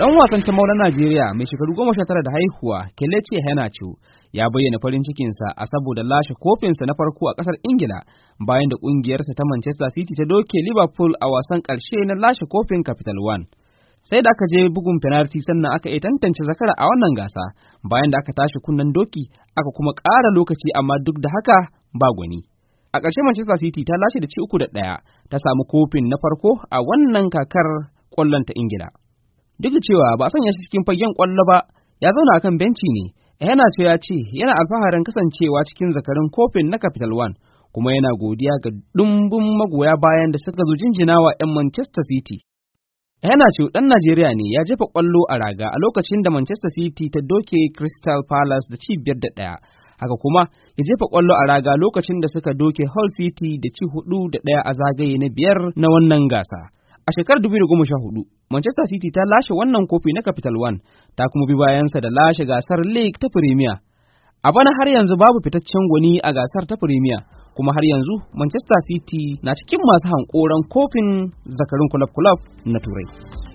Dan wasan ta na Najeriya mai shekaru goma sha tara da haihuwa Kelechi Henachu ya bayyana farin cikinsa a saboda lashe kofinsa na farko a ƙasar Ingila bayan da ƙungiyarsa ta Manchester City ta doke Liverpool a wasan ƙarshe na lashe kofin Capital One. Sai da aka je bugun fenalti sannan aka iya tantance zakara a wannan gasa bayan da aka tashi kunnen doki aka kuma ƙara lokaci amma duk da haka ba gwani. A ƙarshe Manchester City ta lashe da ci uku da ɗaya ta samu kofin na farko a wannan kakar ƙwallon ta Ingila. duk da cewa ba a sanya shi cikin fagen kwallo ba ya zauna kan benci ne yana so ya ce yana alfaharin kasancewa cikin zakarin kofin na capital one kuma yana godiya ga dumbin magoya bayan da suka zo jinjinawa 'yan manchester city yana ce dan najeriya ne ya jefa kwallo a raga a lokacin da manchester city ta doke crystal palace da ci biyar da ɗaya haka kuma ya jefa kwallo a raga lokacin da suka doke hull city da ci hudu da ɗaya a zagaye na biyar na wannan gasa A shekarar 2014, Manchester City ta lashe wannan kofi na Capital One, ta kuma bi bayansa da lashe gasar League ta Premier. A bana har yanzu babu fitaccen gwani a gasar ta Premier, kuma har yanzu Manchester City na cikin masu hankoran kofin zakarin kulaf-kulaf na Turai.